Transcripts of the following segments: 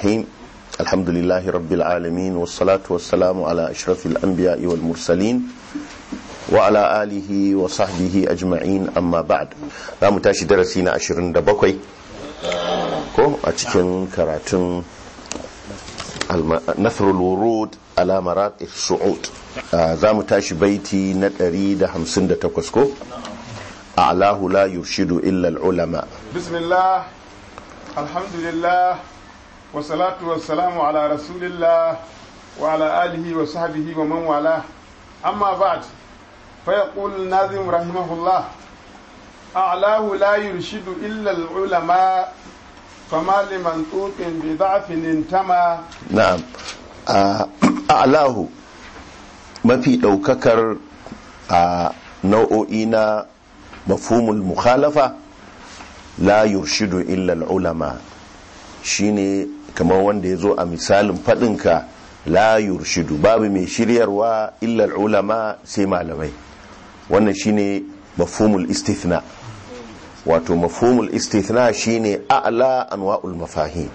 الرحيم الحمد لله رب العالمين والصلاة والسلام على أشرف الأنبياء والمرسلين وعلى آله وصحبه أجمعين أما بعد لا متاشي درسينا أشرين دبقوي كو أتكن كراتن نثر الورود على مرات الصعود ذا متاشي بيتي ندري دا همسن دا تكسكو أعلاه لا يرشد إلا العلماء بسم الله الحمد لله wasalatu wasalamu ala rasulillah wa ala alihi wa sahbihi wa man wala amma ba'd fa yaqul nazim rahimahullah a'lahu la yurshidu illa al-ulama fama liman tuqin bi da'fin intama na'am a'lahu mafi daukakar a nau'o'i na mafhumul mukhalafa la yurshidu illa al-ulama shine kamar wanda ya zo a misalin faɗinka la yurshidu babu mai shiryarwa illal ulama sai malamai wannan shine mafhumul istithna wato mafhumul istithna shine a'la anwa'ul mafahim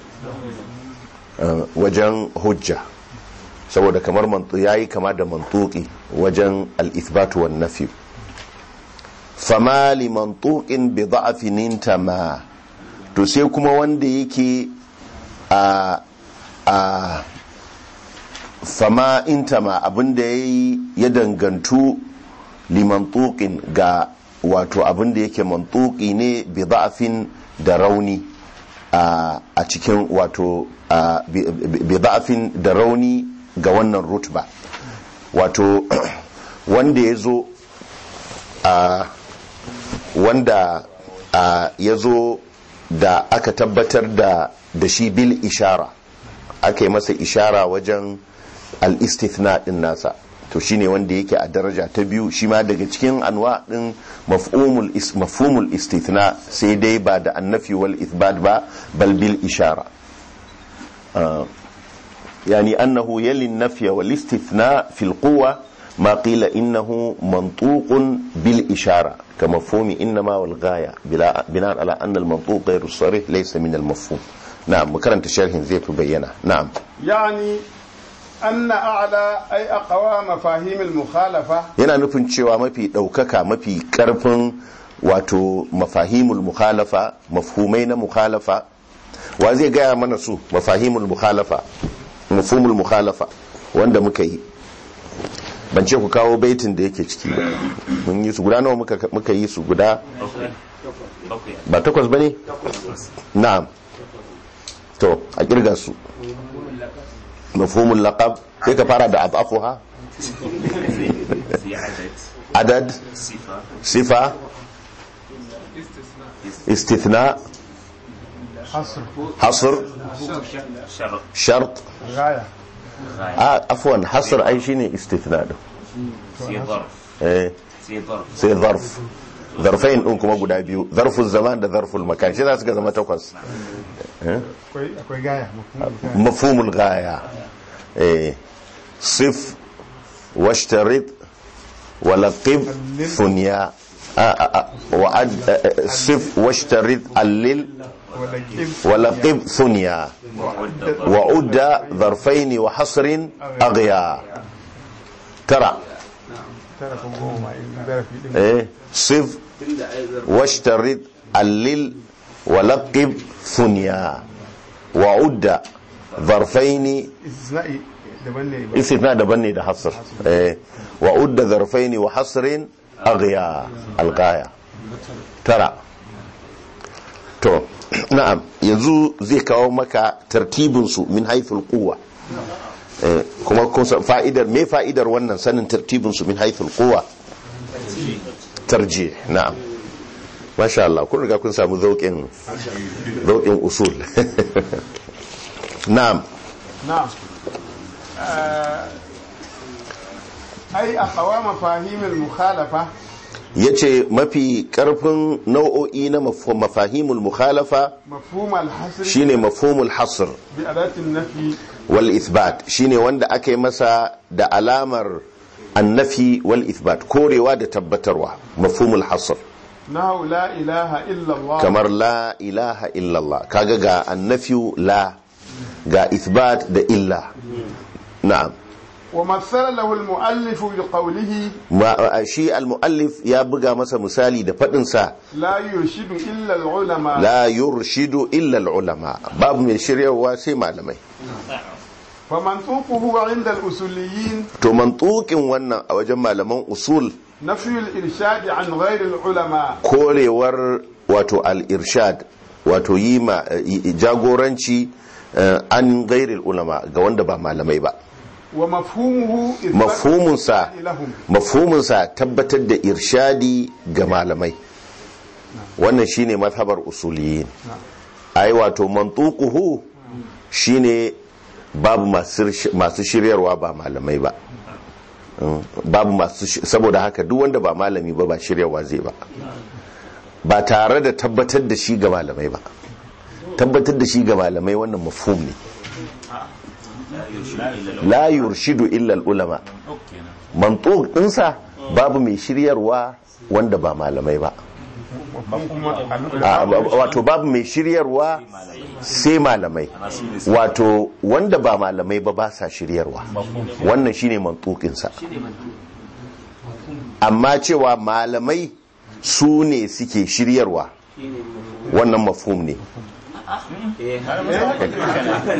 eh, wajen hujja saboda kamar yayi kama da mantuki wajen al-ithbat wan nafi fama li mantuqin bi da'fin ma to sai kuma wanda yake a a fama intama abinda ya yi ya dangantu limantukin ga wato abinda yake mantuki ne bi za'afin da rauni a cikin wato bi za'afin da rauni ga wannan rutba wato wanda ya zo wanda ya zo da aka tabbatar da da shi bil ishara ake masa ishara wajen al-istithna din nasa to shine wanda yake a daraja ta biyu shi ma daga cikin anwa din mafhumul istithna sai dai ba da annafi wal ithbat ba bal bil ishara ah, yani annahu yali nafya wal istithna fil quwa ma qila innahu mantuqun bil ishara ka mafhumi ma wal ghaya bina ala anna al mantuq ghayru sarih laysa min al mafhum na'am mu karanta sharhin zai fi bayyana na'am yani anna a'la ay aqwa mafahim al-mukhalafa yana nufin cewa mafi daukaka mafi karfin wato mafahimul mukhalafa mafhumai na mukhalafa wa zai gaya mana su mafahimul mukhalafa mafhumul mukhalafa wanda muka yi ban ce ku kawo baitin da yake ciki ba mun yi su guda nawa muka yi su guda ba takwas bane. na'am to a kirga su mafhumul laqab sai ka fara da adafuha adad sifa istithna hasr shart ah, afwan hasr ai shine istithna din sai zarf eh. sai zarf zarfain din kuma guda biyu zarful zaman da zarful makan shi za su ga zama takwas eh? akwai gaya eh. sif washtarit eh, walaqib funya وعد صف واشترط الليل ولقب ثنيا وعد ظرفين وحصر أغيا ترى ايه صف واشترط اللل ولقب ثنيا وعد ظرفين استثناء دبني ده حصر وعد ظرفين وحصر أغيا الغاية ترى to na'am yanzu zai kawo maka tartibinsu min haifin kowa kuma me fa'idar wannan sanin tartibinsu min haifin kowa tarji na'am masha Allah kun riga kun samu zauƙin zauƙin usul na'am na'am eh, ai a hawa mafahimul mukhalafa yace mafi karfin nau'o'i na mafahimul mukhalafa shine mafhumul hasr bi an-nafi wal ithbat shine wanda akai masa da alamar annafi wal ithbat korewa da tabbatarwa mafhumul hasr kamar la ilaha illallah kaga ga annafi la ga ithbat da illa na'am Wa shi al-mu'allif ya buga masa misali da faɗinsa la yurshidu illa al'ulama babu mai shiryarwa sai malamai fa mantuquhu inda al-usuliyin to mantuqin wannan a wajen malaman usul Na nafiyul irshad an ghayr ulama korewar wato al-irshad wato yi jagoranci eh, an gairil ulama ga wanda ba malamai ba Wa mafhumunsa tabbatar da irshadi ga malamai wannan shine mazhabar usuliyin ai wato mantuquhu shine babu masu shiryarwa ba malamai ba mm, babu masu saboda haka duk wanda ba malami ba ba shiryarwa zai ba ba tare da tabbatar da shi ga malamai ba tabbatar da shi ga malamai wannan mafum ne la yurshidu illal ulama mantuq ɗinsa babu mai shiryarwa wanda ba malamai ba wato babu mai shiryarwa sai malamai wato wanda ba malamai ba ba sa shiryarwa wannan shine mantukinsa amma cewa malamai su ne suke shiryarwa wannan mafhum ne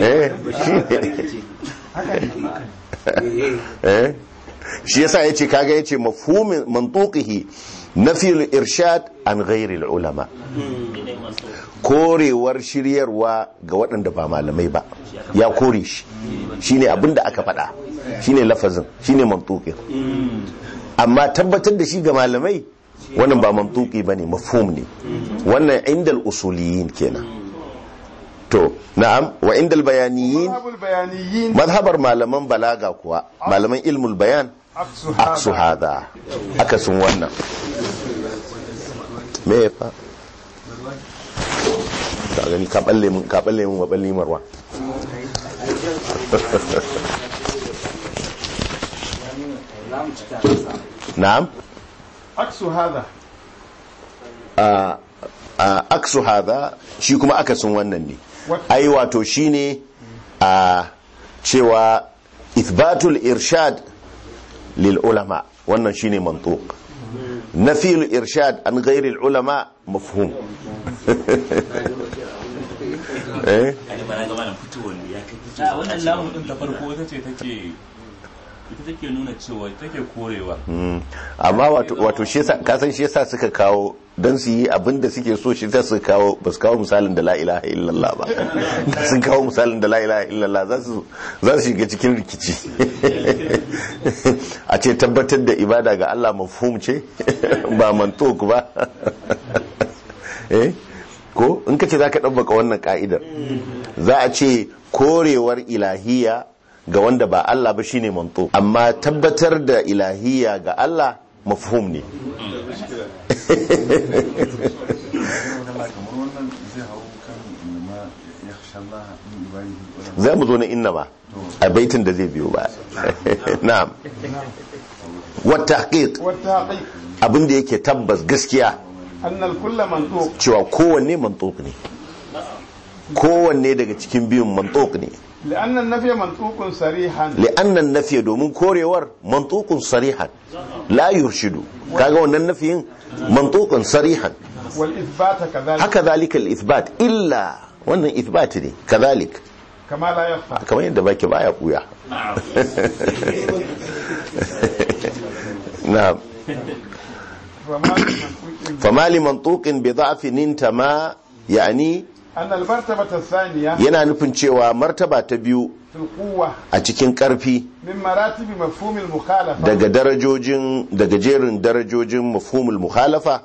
eh, eh. Eh, shi yasa ya ce kaga ya ce mantukihi nafi irshad an ghairil ulama korewar shiryarwa ga waɗanda ba malamai ba ya kore shi shine abinda aka faɗa shine lafazin shine mantuki amma tabbatar da shi ga malamai wannan ba ba bane mafum ne wannan inda usuliyin kenan to na'am wa indal bayaniyin madhabar malaman balaga kuwa malaman ilmul bayan aksu hada sun wannan me fa ka gani ka balle mun ka balle mun balle marwa na'am aksu hada aksu hada shi kuma aka sun wannan ne ai wato shine a cewa ithbatul irshad lil ulama wannan shine na nafil irshad an ghairi ulama mafhum eh ita take nuna cewa ke korewa hmm. amma wato shi kasan shi yasa suka kawo don su yi abin da suke so shi ta su kawo ba su kawo misalin da la ilaha illallah ba sun kawo misalin da la ilaha illallah za su shiga cikin rikici a ce tabbatar da ibada ga Allah mafhum ce ba mantok ba eh? ko in ka ce za ka ɗabbaka wannan ka'idar za a ce korewar ilahiya ga wanda ba Allah ba shine manto amma tabbatar da ilahiyya ga Allah mafhum ne za mu zo na inna ba a baitin da zai biyo ba na'am wata haƙiƙ abinda yake tabbas gaskiya cewa kowanne mantok ne kowanne daga cikin biyun mantok ne li'annan nafiya mantukun sarihan domin korewar mantukun sarihan la yurshidu kaga wannan nafiyin mantukun sarihan wal ithbat kadhalik haka zalika al ithbat illa wannan ithbat ne kadhalik فما لمنطوق بضعف انتما يعني yana nufin cewa martaba ta biyu a cikin ƙarfi daga darajojin daga jerin darajojin mafhumul muhalafa.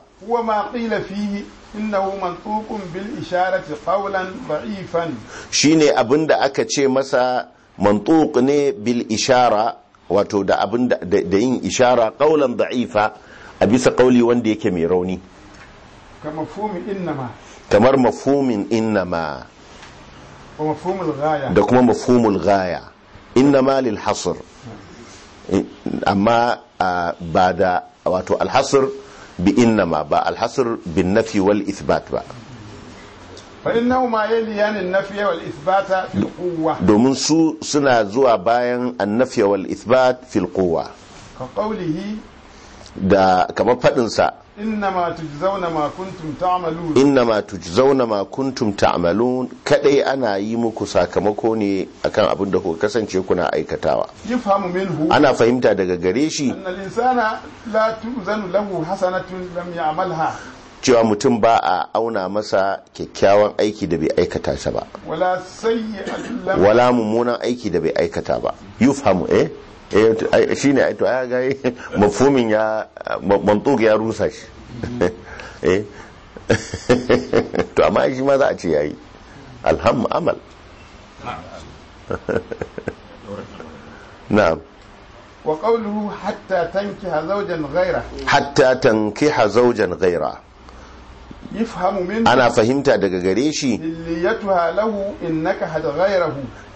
Shi ne abin da aka ce masa mantuk ne bil ishara wato da abin da yin ishara ƙaulan da'ifa a bisa kauli wanda yake mai rauni kamar mafumin innama da kuma mafumul gaya innama lil hasr amma ba da wato alhasr bi innama ba alhasr bin nafi wal ithbat ba فإنهما يليان النفي والإثبات في القوة دومن سو سنا زوا da kamar faɗinsa inna ma kuntum tujzauna ma kuntum ta'malun kadai ana yi muku sakamako ne kan abin da ku kasance kuna aikatawa ana fahimta daga gare shi cewa mutum ba a auna masa kyakkyawan aiki da bai aikata sa ba wala mummunan aiki da bai aikata ba yufhamu eh shi eh, ne to ya ga mafumin ya mantuk ya rusa shi eh. to amma shi ma za a ce yi alhamma amal na wa qawluhu hatta tankiha zawjan gaira hatta tankiha zawjan gaira ana fahimta daga gare shi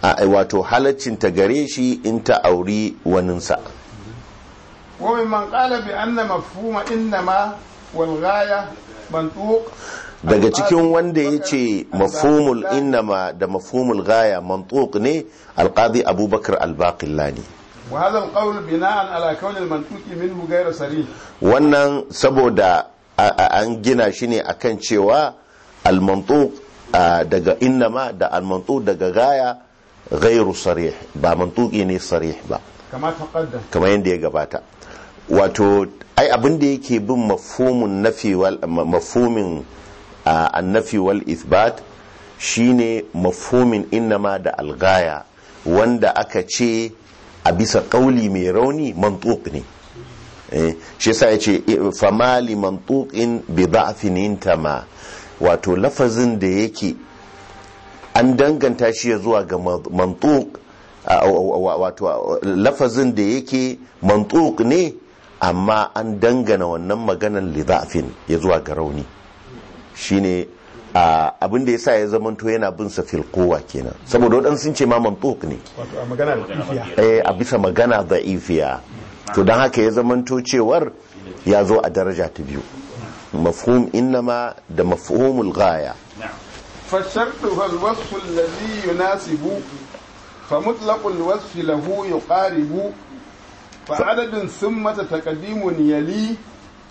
A wato halaccinta gare shi in ta auri waninsa daga cikin wanda ya ce mafumul innama da mafumul gaya mantuq ne Alƙadi abubakar albaqillani wa bina'an wannan saboda an gina shi ne akan cewa almantu daga inama da almantu daga gaya gairu sarih ba mantuki ne sarih ba kamar yadda ya gabata wato ai abin yake bin mafumin nafi wal mafhumin annafi wal ithbat shine mafhumin innama da algaya wanda aka ce a bisa kauli mai rauni mantuq ne Eh, shi ya ce famali mantuqin bi da'fin ma wato lafazin da yake an danganta shi ya zuwa ga mantuk wato lafazin da yake mantuk ne amma an dangana wannan maganan li ya zuwa ga rauni shine abin da ya sa ya zamanto yana bin sa kowa kenan saboda waɗansu sun ce ma mantuk ne eh, a bisa magana da ifiya to don haka ya zamanto cewar ya zo a daraja ta biyu mafhum innama da mafhumul gaya fashartu alwasfu alladhi yunasibu fa mutlaqul wasfi lahu yuqaribu fa adadun summa taqdimun yali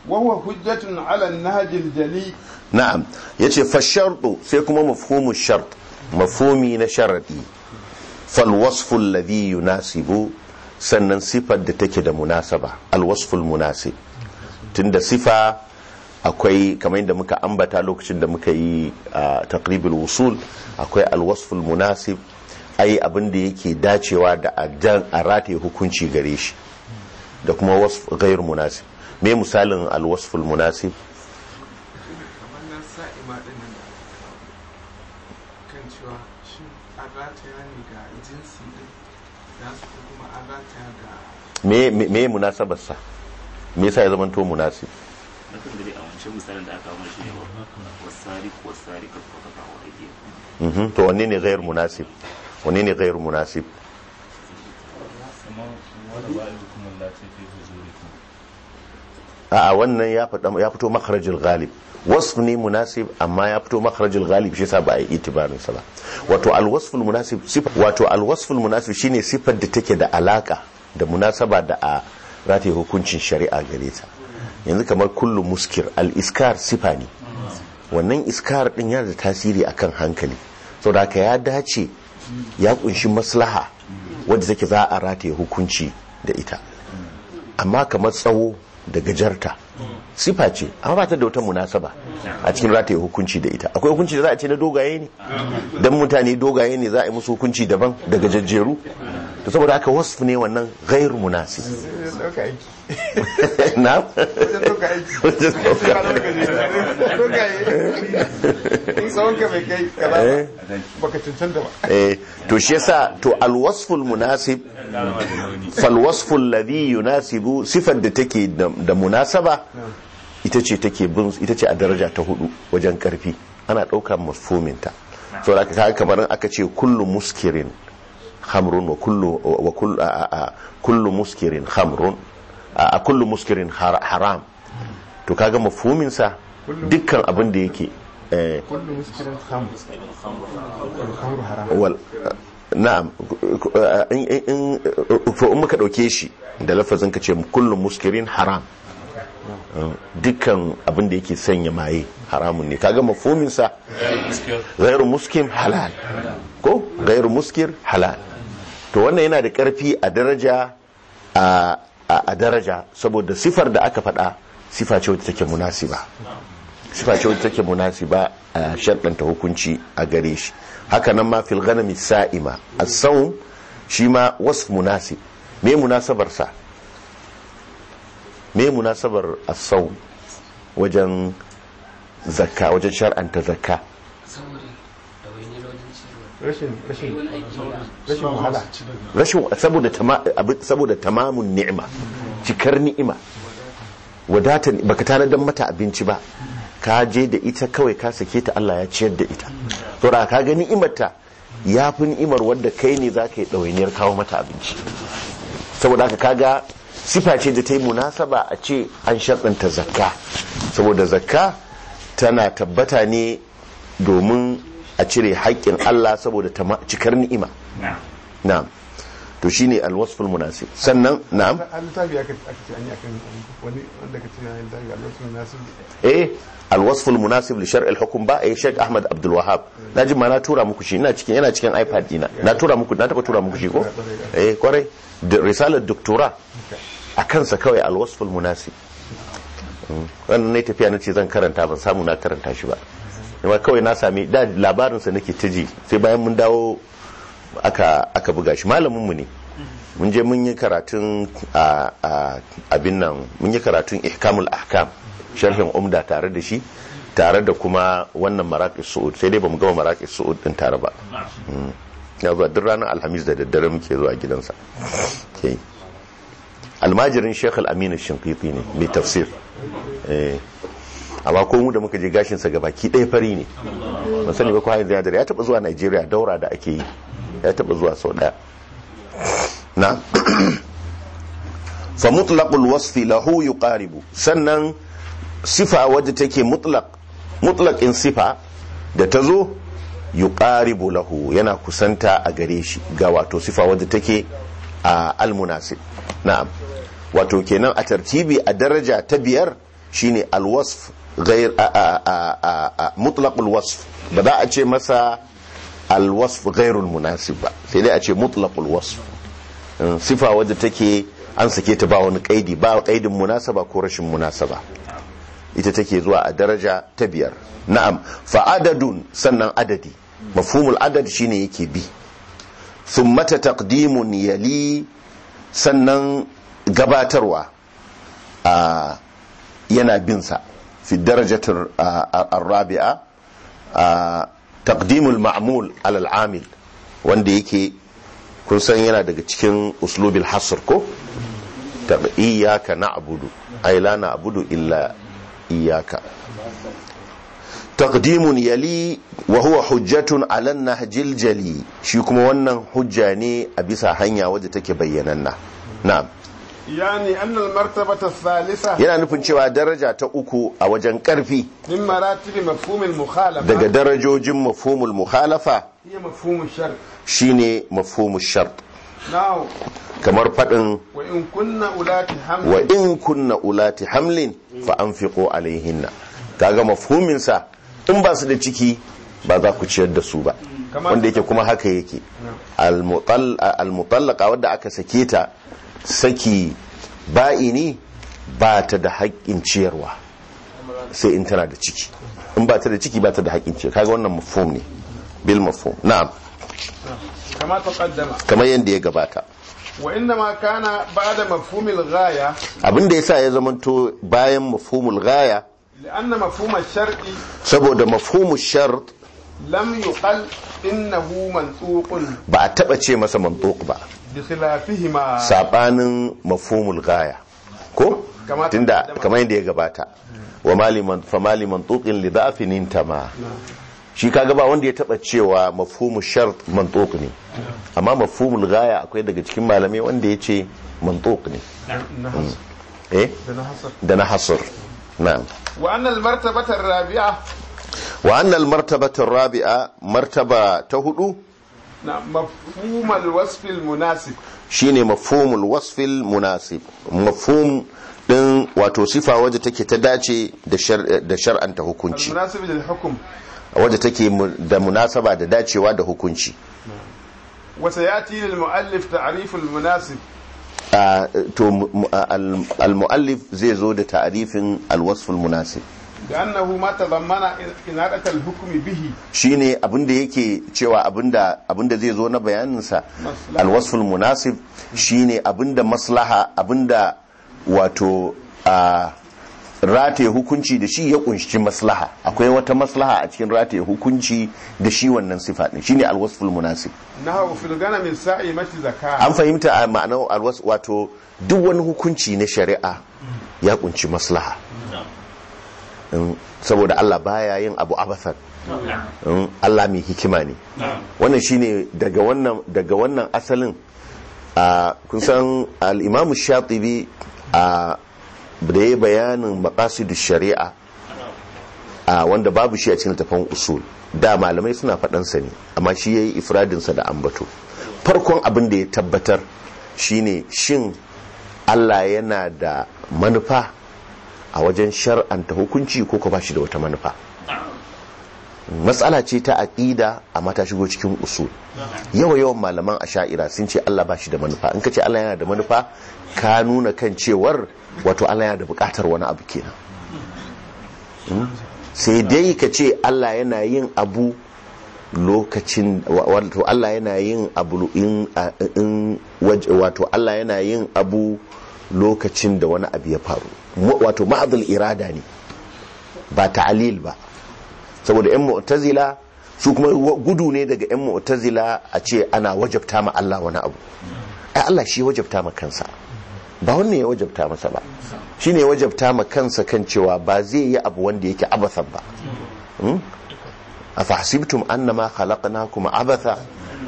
wa huwa hujjatun ala an-nahj al-jali na'am yace fashartu sai kuma mafhumul shart mafhumi na sharadi fal wasfu alladhi yunasibu sannan sifar da take da munasaba alwasful munasib tunda sifa akwai kamar yadda muka ambata lokacin da muka yi takribul wusul akwai alwasful munasib ai abin da yake dacewa da ajan a rataye hukunci gare shi da kuma wasf gairu munasib me misalin alwasful munasib me me munasabar sa me yasa ya zama to munasib gari a wancan misalin da aka ka aiki mhm, to wanne ne ghair munasib wanne ne ghair munasib a'a wannan ya fito ya fito wasu ne munasib amma ya fito makarajin Galib shi yasa ba a yi itibarin sa ba wato alwasful munasib wato alwasful munasib shine sifar da take da alaka da munasaba da a rataye hukuncin shari'a gare ta yanzu kamar kullu muskir al-iskar sifa ne wannan iskar din yana da tasiri akan hankali saboda haka ya dace ya kunshi maslaha wadda take za a rataye hukunci da ita amma kamar tsawo da gajarta sifa ce amma ba ta da wata munasaba a cikin rataye hukunci da ita akwai hukunci da za a ce na dogaye ne dan mutane dogaye ne za a yi musu hukunci daban daga jajjeru? to saboda aka wasf ne wannan gairu munasib na eh, to shi yasa to alwasful munasib falwasful ladhi yunasibu sifar da take da munasaba ita ce take bin ita ce a daraja ta hudu wajen karfi ana daukar mafhumin ta saboda haka kamar aka ce kullu muskirin khamrun wa kullu wa kullu kullu muskirin khamrun a kullu muskirin haram to kaga mafhumin sa dukkan abin da yake eh, na'am in muka ɗauke shi da lafazin ka ce kullum muskirin haram dukkan abin da yake sanya maye haramun ne kaga sa gairu muskir halal ko gairu muskir halal to wannan yana da ƙarfi a daraja a daraja saboda sifar da aka faɗa sifa ce wadda take munasiba sifa ce wadda take munasiba a sharɗanta hukunci a gare shi haka nan ma fil ghanami sa'ima as-sawm shi ma wasf munasib me munasabar sa me munasabar as-sawm wajen zakka wajen shar'anta zakka rashin wahala rashin saboda tamamun ni'ima cikar ni'ima wadata baka tanadar mata abinci ba ka je da ita kawai ka sake ta Allah ya ciyar da ita saboda ka ga ni'imarta ya fi ni'imar wadda kai ne za ka yi ɗawainiyar kawo mata abinci saboda haka ga, sifa ce da ta yi munasaba a ce an sharɗanta zakka saboda zakka tana tabbata ne domin a cire haƙƙin Allah saboda cikar ni'ima na'am to shine alwasful munasib sannan na'am eh alwasful munasib li shar'il hukum ba eh Sheikh Ahmad Abdul Wahhab eh. naji ma na tura muku shi ina cikin yana cikin iPad dina na tura muku na taba tura muku shi ko eh kwarai risalar doktora a kansa kawai alwasful munasib hmm. wannan ne tafiya nace zan karanta ban samu na karanta shi ba amma kawai na sami da labarinsa nake ta ji sai bayan mun dawo aka aka buga shi malamin mu ne mun je mun yi karatun a abin nan mun yi karatun ihkamul ahkam sharhin umda tare da shi tare da kuma wannan maraƙis su'ud sai dai ba mu gama maraƙis su'ud din tare ba hmm. ya zuwa duk ranar alhamis da daddare muke zuwa gidansa almajirin shekh aminu shinkiti ne mai tafsir eh. amma ko mu da muka je gashin sa gabaki ɗaya fari ne ban sani ba ko hayan zai ya taba zuwa Najeriya daura da ake yi ya taba zuwa sau daya na fa mutlaqul wasfi lahu yuqaribu sannan sifa wadda take mutlaq mutlaq in sifa da ta zo yuqaribu lahu yana kusanta a gare shi ga wato sifa wadda take a almunasib na'am wato kenan a tartibi a daraja ta biyar shine alwasf ghair mutlaq alwasf ba za a ce masa alwasf ghairul munasib ba sai dai a ce mutlaq alwasf sifa wadda take an sake ta ba wani kaidi ba kaidin munasaba ko rashin munasaba ita take zuwa a daraja ta biyar na'am fa adadun sannan adadi mafhumul adad shine yake bi thumma taqdimun yali sannan gabatarwa yana bin sa في الدرجة الرابعة تقديم المعمول على العامل wanda yake kun san yana daga cikin uslubil hasr ko tabi iyaka na'budu ay la na'budu illa iyaka taqdimun yali wa huwa hujjatun ala an-nahjil shi kuma wannan hujja ne a bisa hanya wadda take bayyananna na'am yani annal martabata thalitha yana nufin cewa daraja ta uku a wajen karfi min maratibi mafhumul mukhalafa daga darajojin mafhumul mukhalafa ya mafhumul shart shine mafhumul shart kamar fadin wa in kunna ulati hamlin wa in kunna ulati hamlin fa anfiqu alaihinna kaga mafhumin sa in ba su da ciki ba za ku ciyar da su ba wanda yake kuma haka yake al-mutallaqa wadda aka sake ta saki ba'ini ba ta da haƙƙin ciyarwa sai in tana da ciki in ba ta da ciki ba ta da haƙƙin ciyarwa kaga wannan mafhum ne bil mafhum na'am kama taqaddama kamar yanda ya gabata wa inda ma kana ba'da mafhumil ghaya abinda yasa ya zamanto bayan mafhumul ghaya li'anna mafhuma shar'i saboda mafhumu shart lam yuqal innahu mantuqun ba a taba ce masa mantuq ba bikhilafihima sabanin mafhumul ghaya ko tunda kamar yadda ya gabata wa maliman fa maliman tuqin li da'fin intama shi kaga ba wanda ya taba cewa mafhumu shart mantuq ne amma mafhumul ghaya akwai daga cikin malamai wanda ya ce mantuq ne mm. eh da na hasr na'am wa annal martabata rabi'a wa annal martabata rabi'a martaba ta hudu mafhumul wasfil munasib shine mafhumul wasfil munasib mafhum din wato sifa waje take ta dace da shar'anta hukunci munasib lil hukm waje take da munasaba da dacewa da hukunci wa ya tilin muallif ta'arifin munasib to al muallif zai zo da ta'arifin al wasful munasib لأنه ما تضمن إنارة الحكم به شيني أبند يكي cewa abinda abinda zai zo na bayaninsa alwasful munasib shine abinda maslaha abinda wato a rataye hukunci da shi ya kunshi maslaha akwai wata maslaha a cikin rataye hukunci da shi wannan sifa shi shine alwasful munasib an fahimta a ma'anar alwas wato duk wani hukunci na shari'a ya kunshi maslaha Mm. saboda Allah baya yin abu abasan mm. Allah mai hikima ne wannan shine daga wannan daga wannan asalin kun san al-Imam Shatibi da ya bayanin maqasidish shari'a a wanda babu shi a cikin tafan usul da malamai suna faɗan sa ne amma shi yayi ifradin sa da ambato farkon abin da ya tabbatar shine shin Allah yana da manufa a wajen shar'anta hukunci ko ko bashi da wata manufa matsala ce ta aqida a mata shigo cikin usul yawa yawan malaman a sha'ira sun ce Allah bashi da manufa in ka ce Allah yana da manufa ka nuna kan cewar wato Allah yana da bukatar wani abu kenan hmm? sai dai ka ce Allah yana yin abu lokacin wato Allah yana yin abu lokacin da wani abu ya faru wato ma'adul irada ne ba ta'alil ba saboda yan mu'tazila su kuma gudu ne daga yan mu'tazila a ce ana wajabta ma Allah wani abu ai Allah shi wajabta ma kansa ba wannan ya wajabta masa ba shi ne wajabta ma kansa kan cewa ba zai yi abu wanda yake abathan ba hmm? a fahasibtum annama khalaqnakum abatha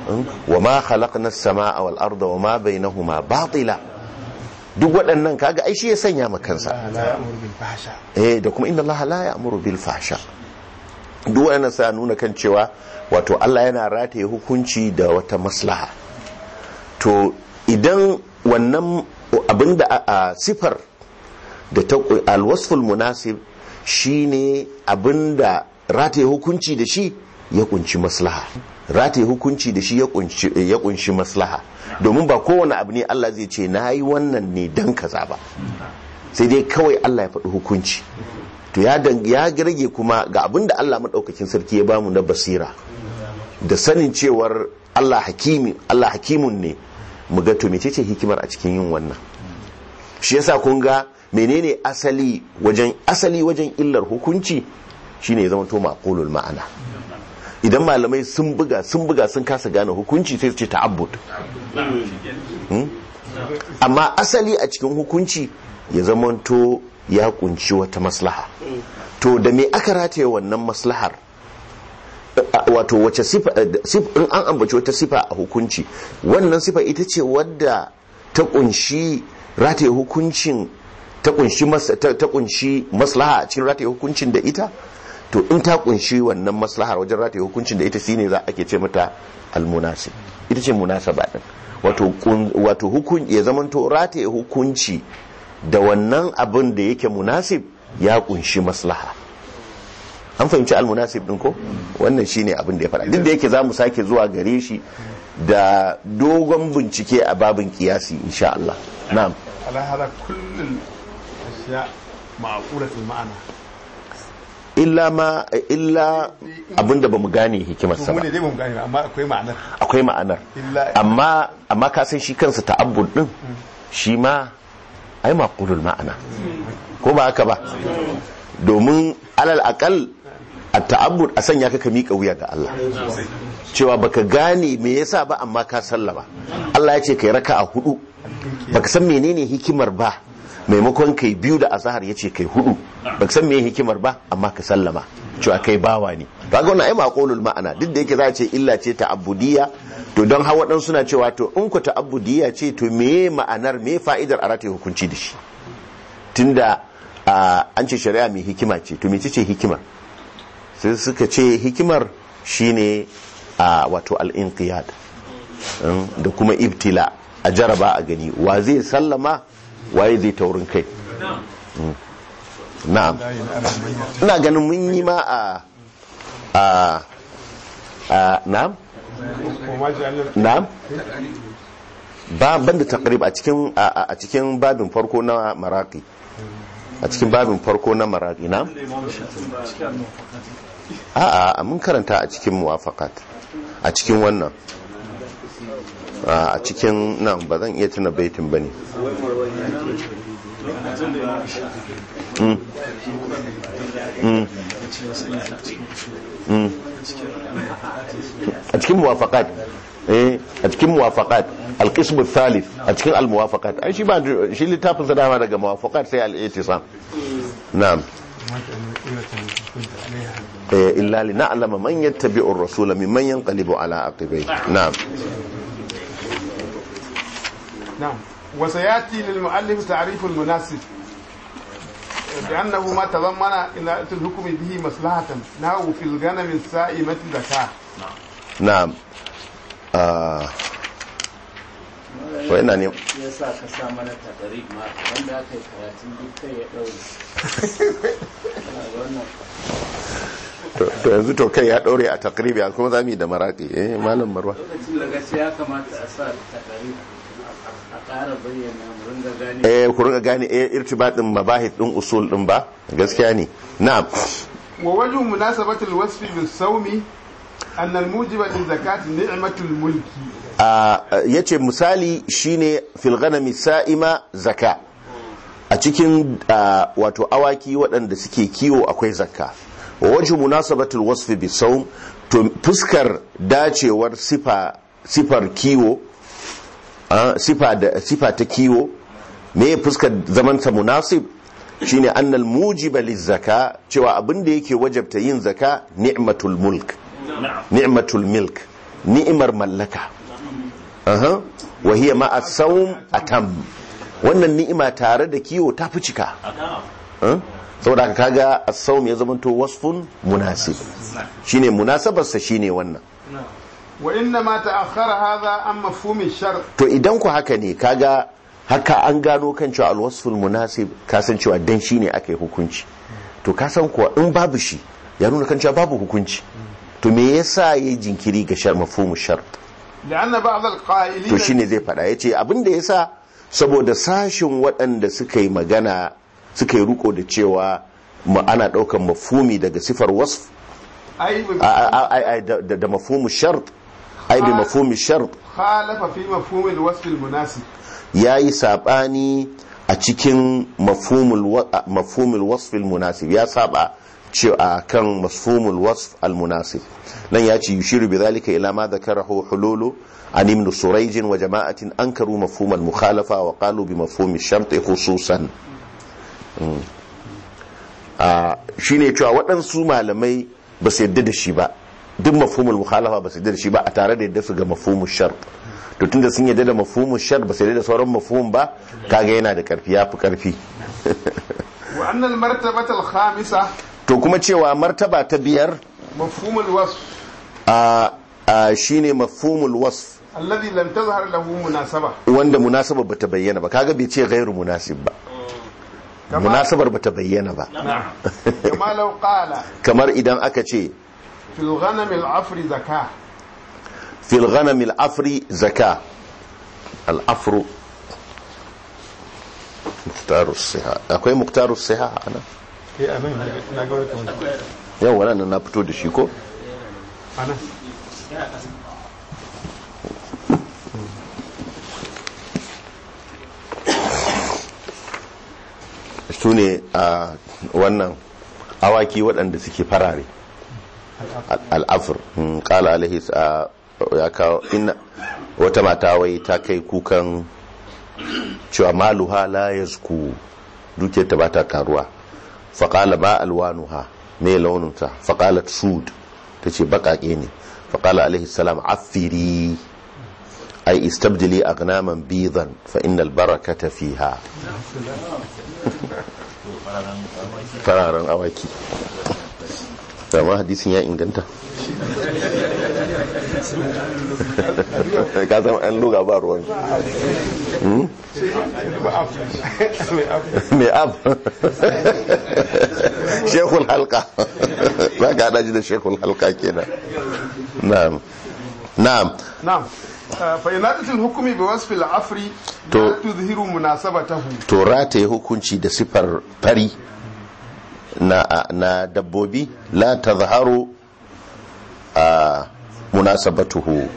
hmm? wa ma khalaqna as-samaa wal arda wa ma bainahuma batila duk waɗannan kaga ai shi ya sanya makansa. kansa eh da kuma inna allaha la ya'muru bil fahsha duk waɗannan sa nuna kan cewa wato Allah yana rataye hukunci da wata maslaha to idan wannan abinda a sifar da ta alwasful munasib shine abinda rataye hukunci da shi ya kunci maslaha rataye hukunci da shi ya kunshi maslaha domin ba kowane abu ne Allah zai ce na yi wannan ne dan kaza ba sai dai kawai Allah ya faɗi hukunci to ya rage kuma ga abin da Allah maɗaukakin sarki ya bamu na basira da sanin cewar Allah hakimi Allah hakimun ne mu ga to mecece hikimar a cikin yin wannan shi yasa kun ga menene asali wajen asali wajen illar hukunci shine ya zama to maqulul ma'ana idan malamai sun buga sun buga sun kasa gane hukunci sai su ce ta'abbud hmm? amma asali a cikin hukunci ya zamanto ya kunci wata maslaha to da me aka rataye wannan maslahar wato wace sifa eh, in an ambaci wata sifa a hukunci wannan sifa ita ce wadda ta kunshi rataye hukuncin ta kunshi maslaha a cikin rataye hukuncin da ita to in ta kunshi wannan maslahar wajen rataye hukuncin da ita shi ne za a ke ce mata almunasi ita ce ba din wato hukun ya zamanto rataye hukunci da wannan abin da yake munasib ya kunshi maslaha an fahimci almunasib din ko wannan shine abin da ya faɗa duk da yake za mu sake zuwa gare shi da dogon bincike a babin kiyasi insha Allah na'am ala hada kullun asya ma'qulatul ma'ana illa ma illa abinda bamu gane sa ba akwai ma'anar amma amma ka san shi kansa ta'abbud din mm. shi ma ai maqulul ma'ana ko ba haka ba domin alal aqal a ta'abbud a sanya ka mika wuya ga Allah cewa baka gane me yasa ba amma ka sallama Allah ya ce kai raka'a hudu baka san menene hikimar ba maimakon kai biyu da azahar ya ce kai hudu ba san me hikimar ba amma ka sallama cewa kai bawa ne ba ga wannan ai maqulul ma'ana duk da yake za a ce illa ce ta'abudiyya to don hawa dan suna cewa to in ku ta'abudiyya ce to me ma'anar me fa'idar a rataye hukunci da shi tunda an ce shari'a mai hikima ce to mece ce hikima sai suka ce hikimar shine a wato al-inqiyad um, da kuma ibtila a jaraba a gani wa zai sallama waye zai taurin kai na'am ina ganin mun yi ma a a a na'am na'am ba da takarib a cikin a cikin babin farko na maraki a cikin babin farko na maraki na'am a a mun karanta a cikin muwafakat a cikin wannan a cikin nan ba zan iya tuna baitin ba ne hmm. Hmm. Hmm. a cikin muwafaƙat eh, a cikin muwafaƙat alƙismu thalith a cikin almuwafaƙat ai shi ba shi littafin sadama daga muwafaƙat sai al'itisam na'am eh, illa li na'lama man yattabi'ur rasula mimman yanqalibu ala aqibai na'am نعم وسياتي للمؤلف تعريف المناسب لانه ما تضمن إلى الحكم به مصلحه نحو في الغنم السائمه زكاة نعم آه. wa'ina ne ya sa تقريب ما mana كاي كراتين wanda aka yi to yanzu to kai ya dore a takribi kuma za yi da maraƙi eh malam marwa lokacin da gashi ya kamata a sa takribi eh ku ringa gane eh irtibatin mabahid din usul din ba gaskiya ne na'am wa wajhu munasabatul wasfi bis sawmi anna al mujiba li zakati ni'matul mulki a yace misali shine fil ghanami sa'ima zaka a cikin wato awaki waɗanda suke kiwo akwai zakka wa wajhu munasabatul wasfi bis sawm to fuskar dacewar sifa sifar kiwo Ah, sifa ta kiwo me fuskar zamanta munasib shine annal mujiba zaka. cewa abin da yake wajabta yin zaka ni'matul mulk ni'matul milk ni'imar mallaka aha wa hiya a sawm atam wannan ni'ima tare da kiwo ta fi cika saboda kaga as-sawm ya zamanto wasfun munasib shine munasabarsa shine wannan wa inna ma akhara hadha an mafhumin shar to idan ku haka ne kaga haka an gano kan cewa alwasful munasib kasan cewa dan shine aka yi hukunci to kasan kuwa in babu shi ya nuna kan cewa babu hukunci to me yasa yi jinkiri ga shar mafhumin shar la'anna ba'd alqa'ilin to shine zai fada yace abinda yasa saboda sashin waɗanda suka yi magana suka yi ruko da cewa ana ɗaukan mafumi daga sifar wasf da mafhumin shart ai bi mafhumi shart khalafa fi mafhumi alwasf almunasib yayi sabani a cikin mafhumul mafhumul wasf almunasib ya saba ce a kan masfumul wasf almunasib nan ya ce yushiru bi zalika ila ma dhakarahu hululu an ibn surayj wa jama'atin ankaru mafhum almukhalafa wa qalu bi mafhum shart khususan hmm. ah, shine cewa waɗansu malamai ba su yadda da shi ba duk mafhumul mukhalafa ba su da shi ba a tare da yadda su ga mafhumul shar to tunda sun yadda da mafhumul shar ba su yadda da sauran mafhum ba kaga yana da karfi ya fi karfi wa annal khamisa to kuma cewa martaba ta biyar mafhumul wasf a shine mafhumul wasf alladhi lam tazhar lahu munasaba wanda munasaba bata bayyana ba kaga bai ce ghairu munasib ba munasabar bata bayyana ba kamar idan aka ce fil ghanamil afri zaka fil ghanamil afri zaka al afru muktarus siha akwai muktarus siha ana eh, yau wannan na fito da shi ko ana su ne a wannan awaki waɗanda suke farare al'afir kala hmm, alaihi ya kawo ina wata mata wai ta kai kukan cewa maluha la zuku duke ta bata karuwa faƙala ba alwanuha me launinta faƙala sud ce baƙaƙe ne faƙala alaihi salam afiri ai istabdili agnaman bidan fa innal tafi fiha fararen awaki to amma hadisin ya inganta ka zama an luga ba ruwan mai hmm? ab shekul halka ba ka haɗa ji da shekul halka kenan na'am na'am na'am uh, fa'inadatul hukumi ba wasu fila afri to tuzhiru munasabatahu to rataye hukunci da sifar fari na dabbobi la zaharu a munasabatuhu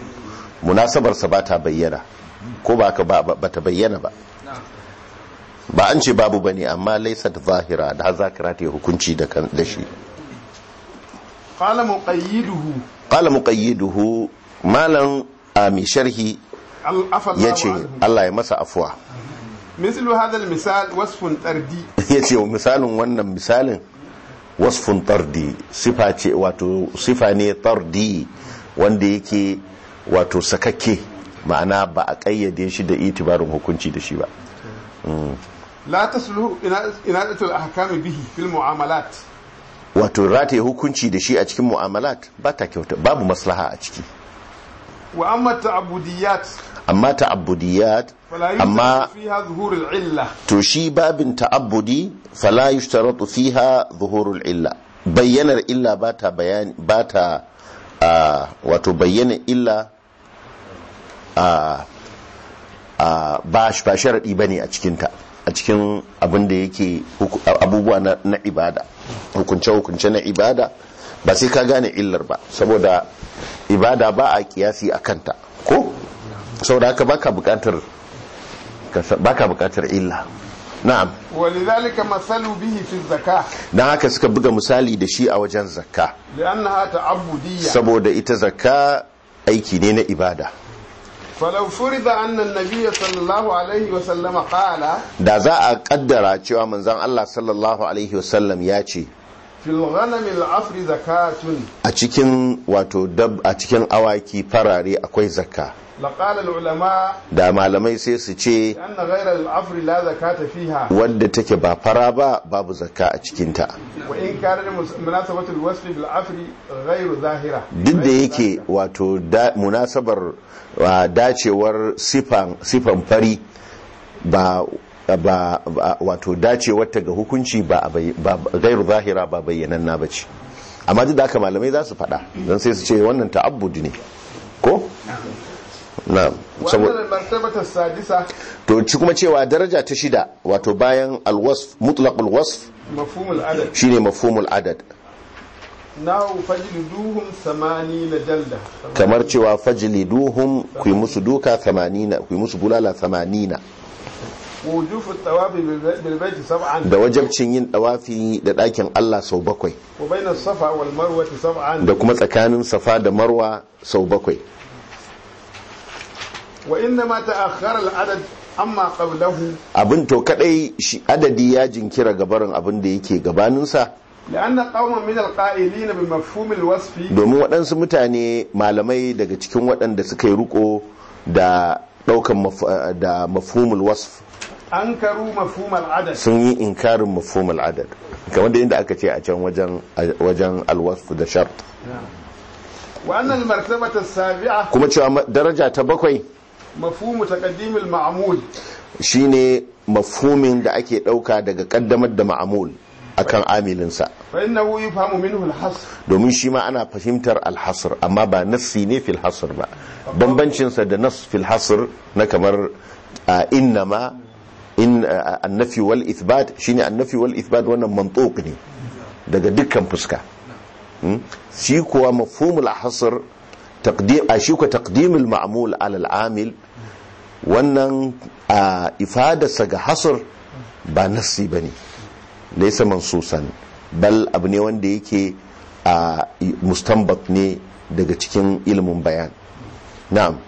munasabarsa ba ta bayyana ko ba ka ba ta bayyana ba ba an ce babu bane amma laisa da zahira da zakira ta hukunci da kan da shi qala muqayyiduhu qala muqayyiduhu a ami sharhi yace Allah ya masa afuwa. mislu hadal misal wasfun tardi ya ce misalin wannan misalin wasfun tardi sifa ce wato sifa ne tardi wanda yake wato sakakke ma'ana ba a kayyade shi da itibarin hukunci da shi ba mm. la tasluhu inadatul ahkam bihi fil mu'amalat wato rataye hukunci da shi a cikin mu'amalat ba ta kyauta babu maslaha a ciki wa amma abudiyat amma ta'abbudiyat amma to shi babin ta'abbudi fala yushtaratu fiha zuhurul illa bayyanar illa ba ta bayani ba ta wato bayyana illa ba sharaɗi ba ne a cikinta a cikin abin da yake abubuwa na ibada hukunce-hukunce na ibada ba sai ka gane illar ba saboda ibada ba a kiyasi a kanta ko saboda haka baka bukatar bukatar illa na'am walidhalika masalu bihi fi zakka dan haka suka buga misali da shi a wajen zakka li'annaha ta'budiyya saboda ita zakka aiki ne na ibada falau furida annan ya sallallahu alaihi wa sallama qala da za a kaddara cewa manzon Allah sallallahu alaihi wa sallam ya ce fil ghanami al-afri zakatun a cikin wato dab a cikin awaki farare akwai zakka da malamai sai su ce wadda take ba fara ba babu zakka a cikinta duk da yake wato munasabar dacewar sifan fari ba ba wato dacewarta ga hukunci ba gairu zahira ba bayyananna ba ce amma duk da haka malamai za su faɗa don sai su ce wannan ta'abbudi ne ko na'am sadisa to ci kuma cewa daraja ta shida wato bayan alwasf mutlaqul wasf mafhumul adad shine mafhumul adad na'u fajliduhum 80 jalda kamar cewa fajliduhum ku musu duka 80 ku musu bulala 80 da wajabcin yin dawafi da dakin Allah sau bakwai da kuma tsakanin safa da marwa sau bakwai wa inna ma ta adad amma qablahu abin to kadai shi adadi ya jinkira gabarin abin da yake gabaninsa sa la'anna qauman min al-qa'ilina na fi mafumin wasfi domin waɗansu mutane malamai daga cikin waɗanda suka yi riko da ɗaukan da mafhumul wasf an karu mafhumul adad sun yi inkarin mafhumul adad kamar da inda aka ce a can wajen wajen alwasf da shart wa annal martabata as-sabi'a kuma cewa daraja ta bakwai mafhumu taqdimil ma'mul shine mafhumin da ake dauka daga kaddamar da ma'mul akan amilinsa domin shi ma ana fahimtar alhasr amma ba nassi ne fil hasr ba banbancinsa da nass fil hasr na kamar innama in annafi wal ithbat shine annafi wal ithbat wannan mantuq ne daga dukkan fuska shi kuwa mafhumul hasr taqdim shi ko taqdimul ma'mul ala al amil wannan a ifadarsa ga hasur ba nassi ba ne laisa mansusan bal abu ne wanda yake a mustambat ne daga cikin ilimin bayan na'am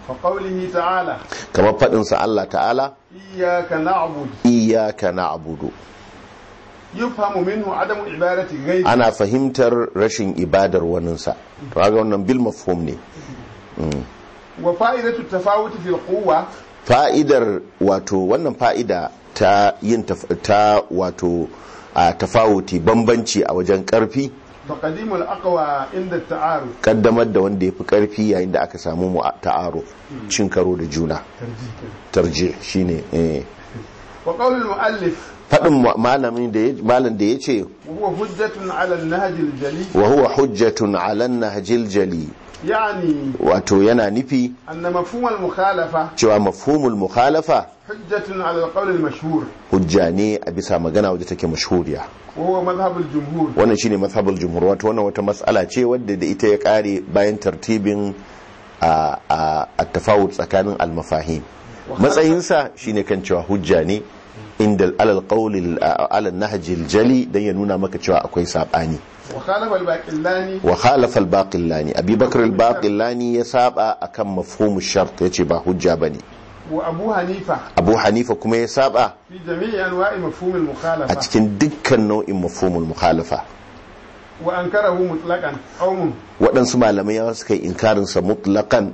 ta'ala kamar faɗinsa Allah ta'ala iyaka na'budu iyaka adamu ana fahimtar rashin ibadar waninsa Raga wannan bil mafhum ne wa fa'idatu tafawuti fil quwwa fa'idar wato wannan fa'ida ta yin ta wato a tafawuti bambanci a wajen karfi taqdimul akawa inda ta'aru kaddamar da wanda ya fi karfi yayin da aka samu mu ta'aru hmm. cin karo da juna tarji shine eh wa qawlul muallif fadin malamin da malam da yace huwa hujjatun ala an-nahjil jali wa huwa hujjatun ala an-nahjil jali wato yana nufi cewa mafhumul mukhalafa hujja ne a bisa magana wadda take mashhuriya wannan shine mazhabul jumhur wato wannan wata matsala ce wadda da ita ya kare bayan tartibin a tafawut tsakanin almafahim matsayinsa shine kan cewa hujja ne inda alal qawli alal nahjil jali dan ya nuna maka cewa akwai sabani wa khalafa al-baqillani abi bakr al-baqillani ya saba akan mafhumu shart yace ba hujja bane abu hanifa abu hanifa kuma ya saba a cikin dukkan nau'in mafhumul mukhalafa wa ankarahu mutlaqan qaumun waɗansu malamai ya suka yi inkarin sa mutlaqan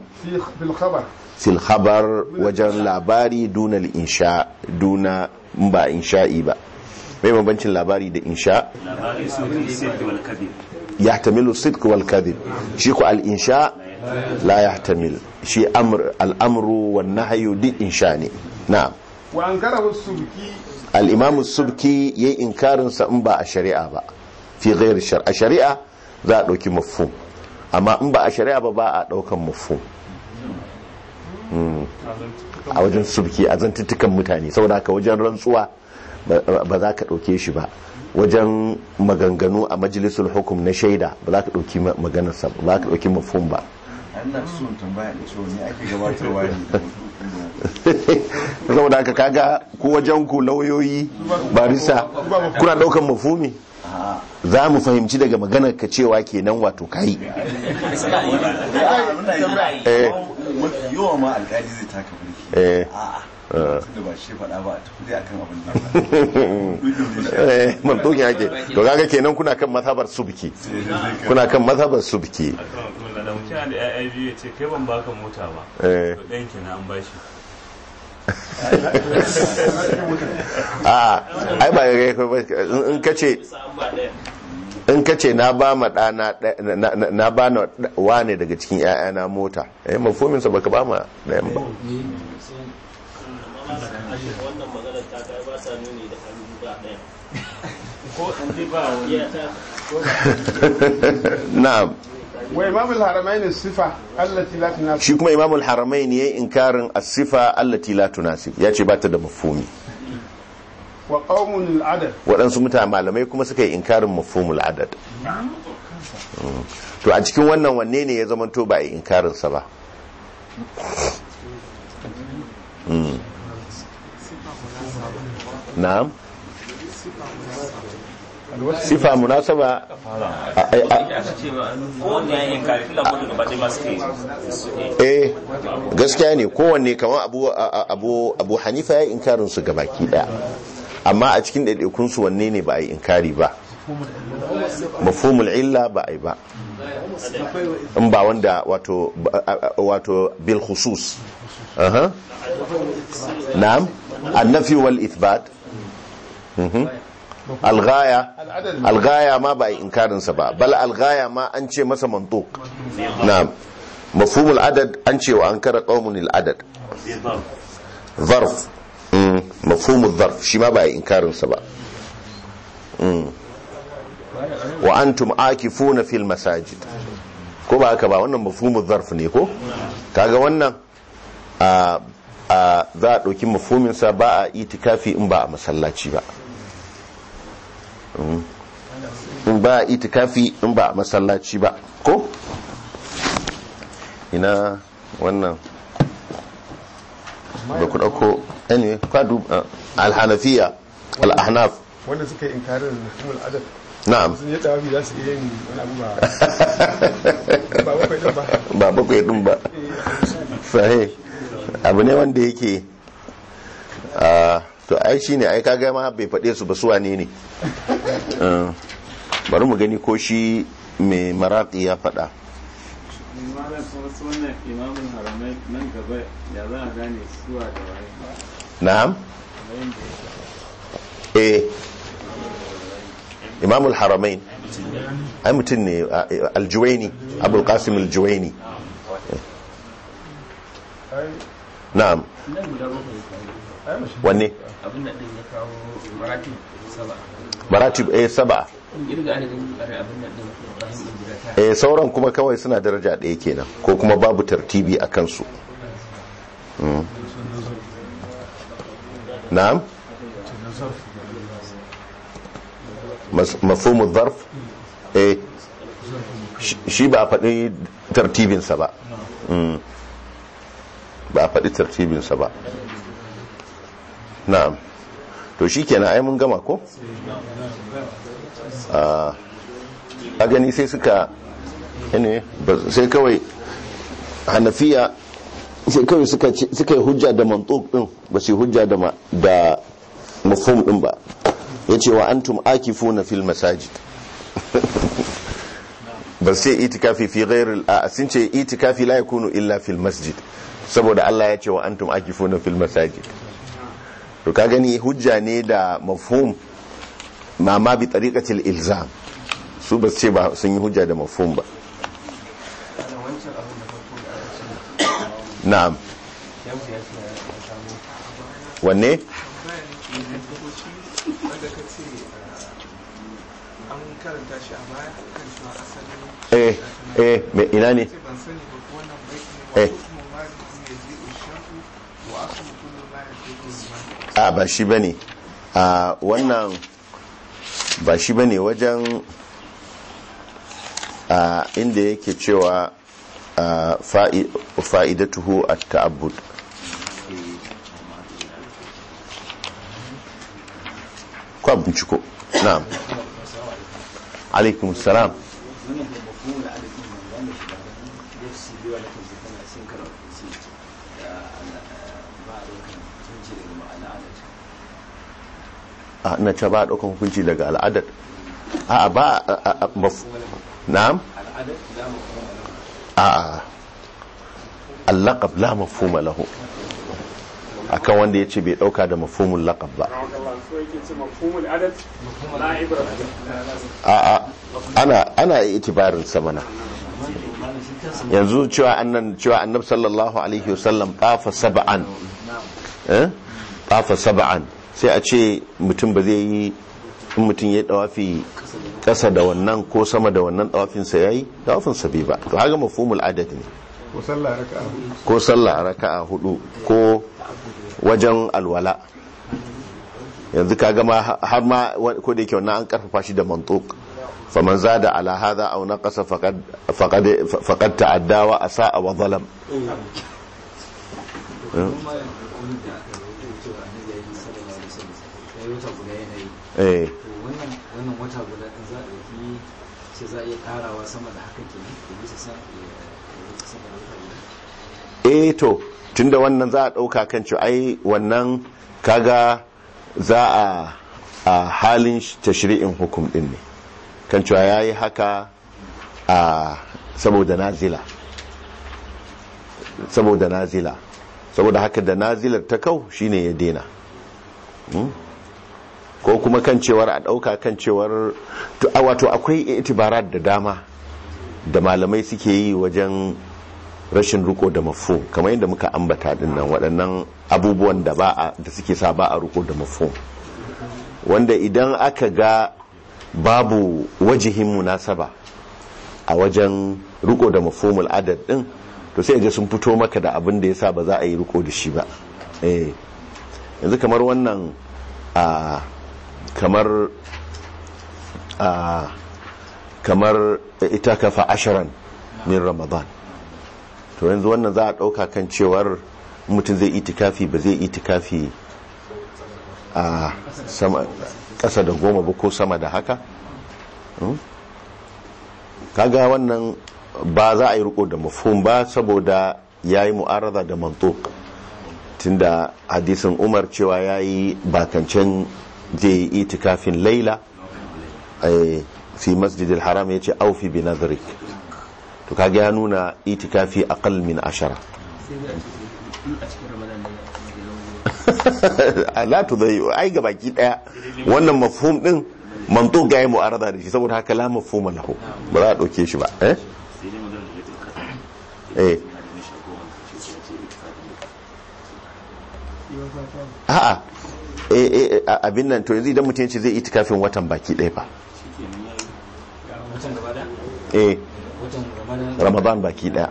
fil khabar wajen labari dunal insha duna in sha'i insha'i ba mai bambancin labari da insha ya tamilu sidq wal kadhib shi ku al insha la yahtamil shi amr al amru wan nahyu di insha ne na'am wa ankarahu subki al imam subki yayi inkarin sa in ba a shari'a ba fi ghairi a shari'a za a dauki mafhum amma in ba a shari'a ba ba a daukan mafhum hmm. a wajen subki a zantuttukan mutane saboda aka wajen rantsuwa ba za ka ɗauke shi ba wajen maganganu a majalisul hukum na shaida ba za ka ɗauki maganarsa ba za ka ɗauki mafum ba saboda haka kaga ko wajen ku lauyoyi barista kuna ɗaukan mafumi za mu fahimci daga maganar ka cewa kenan wato kayi yawa ma alkali zai taka eh, eh. eh mantoki ake to kaga kenan kuna kan mazhabar subki kuna kan mazhabar subki a mutum da ya kai ban baka mota ba eh. to na an bashi a ah, ba in kace in ka ce na ba ma na ba na wane daga cikin ‘ya'yana mota eh mafominsa ba ka ba ma ɗayan ba na'am wa imamul haramai sifa ya yi shi kuma imamul inkarin a sifa allati la tunasib ce ba ta da mafhumi wa waɗansu mutane malamai kuma suka yi inkarin mafhumul adad to a cikin wannan wanne ne ya to ba a inkarin sa ba hmm. na'am sifa munasaba eh gaskiya ne kowanne kamar abu abu hanifa ya inkarin su gabaki daya amma a cikin ɗaiɗaikun su wanne ne ba a yi inkari ba mafhumul illa ba a yi ba in ba wanda wato wato bil khusus na'am annafi wal ithbat mhm. algaya algaya ma ba a yi inkarinsa ba bal algaya ma an ce masa mantuk na'am mafhumul adad an ce wa an kara qaumun al adad zarf Mm, mafhumul zarf shi ma ba ya inkarin sa ba mm. wa antum akifuna fil masajid ko ba haka ba wannan mafhumul zarf ne ko kaga wannan a a za a ɗauki mafhumin sa ba a itikafi in ba a masallaci ba mm. in ba a itikafi in ba a masallaci ba ko ina wannan ba ku dauko anyway ka duba eh, al-hanafiya al wanda suka yi inkarin mutumul adad na'am sun yi tawafi za su iya yin wani abu ba ba ba bakwai din ba sahi abu ne wanda yake a ah, to ai shine ai ka gama bai faɗe su ba su wane ne eh, bari mu gani ko shi mai maraƙi ya faɗa نعم ايه امام الحرمين امتني الجويني ابو القاسم الجويني نعم مراتب ايه سبعه eh sauran kuma kawai suna daraja ɗaya kenan ko kuma babu tartibi a kansu hmm. na'am mafhumu zarf eh shi ba a faɗi tartibinsa ba hmm. ba a faɗi tartibinsa ba na'am to shi kenan ai mun gama ko? a gani sai suka ne sai kawai hanafiya sai kawai suka yi hujja da mantok din ba su hujja da mafum din ba ya ce wa antum akifu funa fil masajid ba sai itikafi fi ghairil a sun ce itikafi la yakunu illa fil masjid saboda Allah ya ce wa antum akifu funa fil masajid to ka gani hujja ne da mafhum ma ma bi tariqatil ilzam su ba ce ba sun yi hujja da mafhum ba na'am wanne eh eh ina ne eh a ba shi ba ne a wannan ba shi ba ne wajen a inda yake cewa fa'idatuhu a ta’abud kwa binciko na alaikun salam a ina ce ba a ɗaukan hukunci daga al'adar a ba a na'am a allaqab la mafhuma lahu akan wanda ya ce bai ɗauka da mafhumul laqab ba a ana ana itibarin sa mana yanzu cewa annan cewa annab sallallahu alaihi wasallam tafa sab'an eh tafa sai a ce mutum ba zai yi in mutum ya dawafi kasa da wannan ko sama da wannan dawafinsa ya yi dawafinsa bai ba to haka mafumul adad ne ko sallah raka'a hudu ko wajen alwala yanzu ka gama har ma ko da yake wannan an karfafa shi da mantuk faman zada ala hadha aw naqasa faqad faqad faqad ta'adda wa asaa wa zalam eh. Eh? wata guda eh. za a yi sai da eh to tunda wannan za a dauka kan cewa ai wannan kaga za a a halin tashri'in hukum din ne kan cewa yayi haka a saboda nazila saboda nazila saboda haka da nazilar ta kau shine ya dena Hmm? ko kuma kan cewar a ɗauka kan cewar wato akwai itibarat da dama da malamai suke yi wajen rashin riko da mafo kamar yadda muka ambata dinnan waɗannan abubuwan da ba da suke sa ba a riko da mafo wanda idan aka ga babu wajihin munasaba a wajen ruko da mafo adad din to sai ga sun fito maka da abin da ya sa ba za a yi riko da shi ba eh. yanzu kamar wannan a kamar a kamar ita kafa ashirin min ramadan to yanzu wannan za a ɗauka kan cewar mutum zai itikafi ba zai itikafi a sama ƙasa da goma ba ko sama da haka hmm? kaga wannan ba za a yi riko da mafhum ba saboda ya yi mu'arada da mantuk tunda hadisin umar cewa ya yi bakancen zai yi itikafin laila eh, fi masjidil haram ya ce aufi bi nazarik to kaga ya nuna itikafi aqal min ashara la zai ai ga baki daya wannan mafhum din manto ga yi mu'arada da shi saboda haka la mafhuma lahu ba za a dauke shi ba eh, eh. a'a eh, eh, eh, abin nan to yanzu idan mutum ce zai yi tikafin watan baki ɗaya ba ramadan baki ɗaya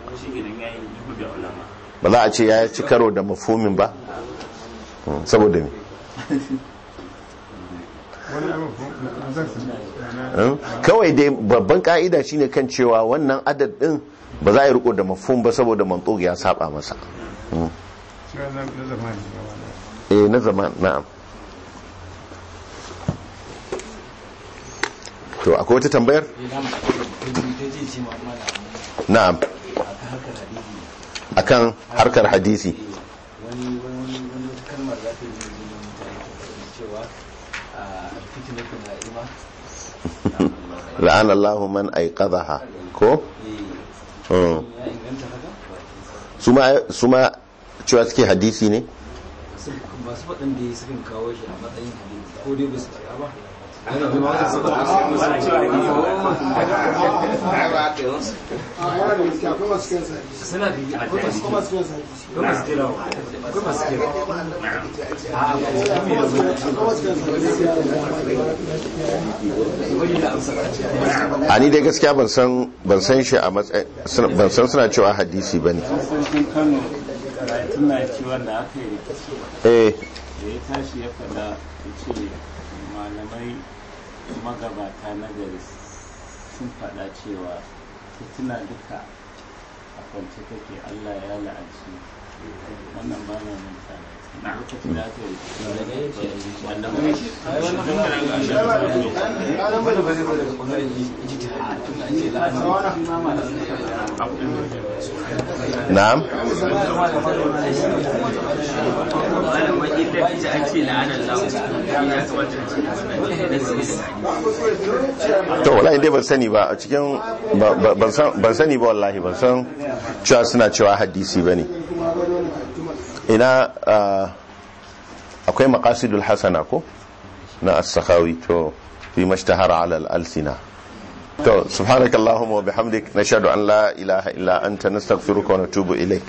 ba za a ce ya ci karo da mafumin ba hmm, saboda me hmm? kawai dai babban ka'ida shine kan cewa wannan adad din ba za a yi riko da mafumin ba saboda mantsog ya saba masa hmm. eh na zaman na'am to akwai wata tambayar na'am akan harkar hadisi la'an Allahu man ha ko hmm. su ma cewa suke hadisi ne masu faɗin da kawo dai dai gaskiya ban san shi a matsayin ban san suna cewa hadisi ba ne tuna ciwon da aka yi rikici eh. da ya tashi ya fada ya ce malamai magabata na gari sun fada cewa tuna duka a kwance take allah ya la'anci wannan ba na mutane na'am to wallahi dai ban sani ba a cikin ban sani ba wallahi ban san cewa suna cewa hadisi bane. ina akwai maqasidul hasana ko na as-sakhawi to fi mashtahara ala al-alsina to subhanakallahumma wa bihamdik nashhadu an la ilaha illa anta nastaghfiruka wa natubu ilaik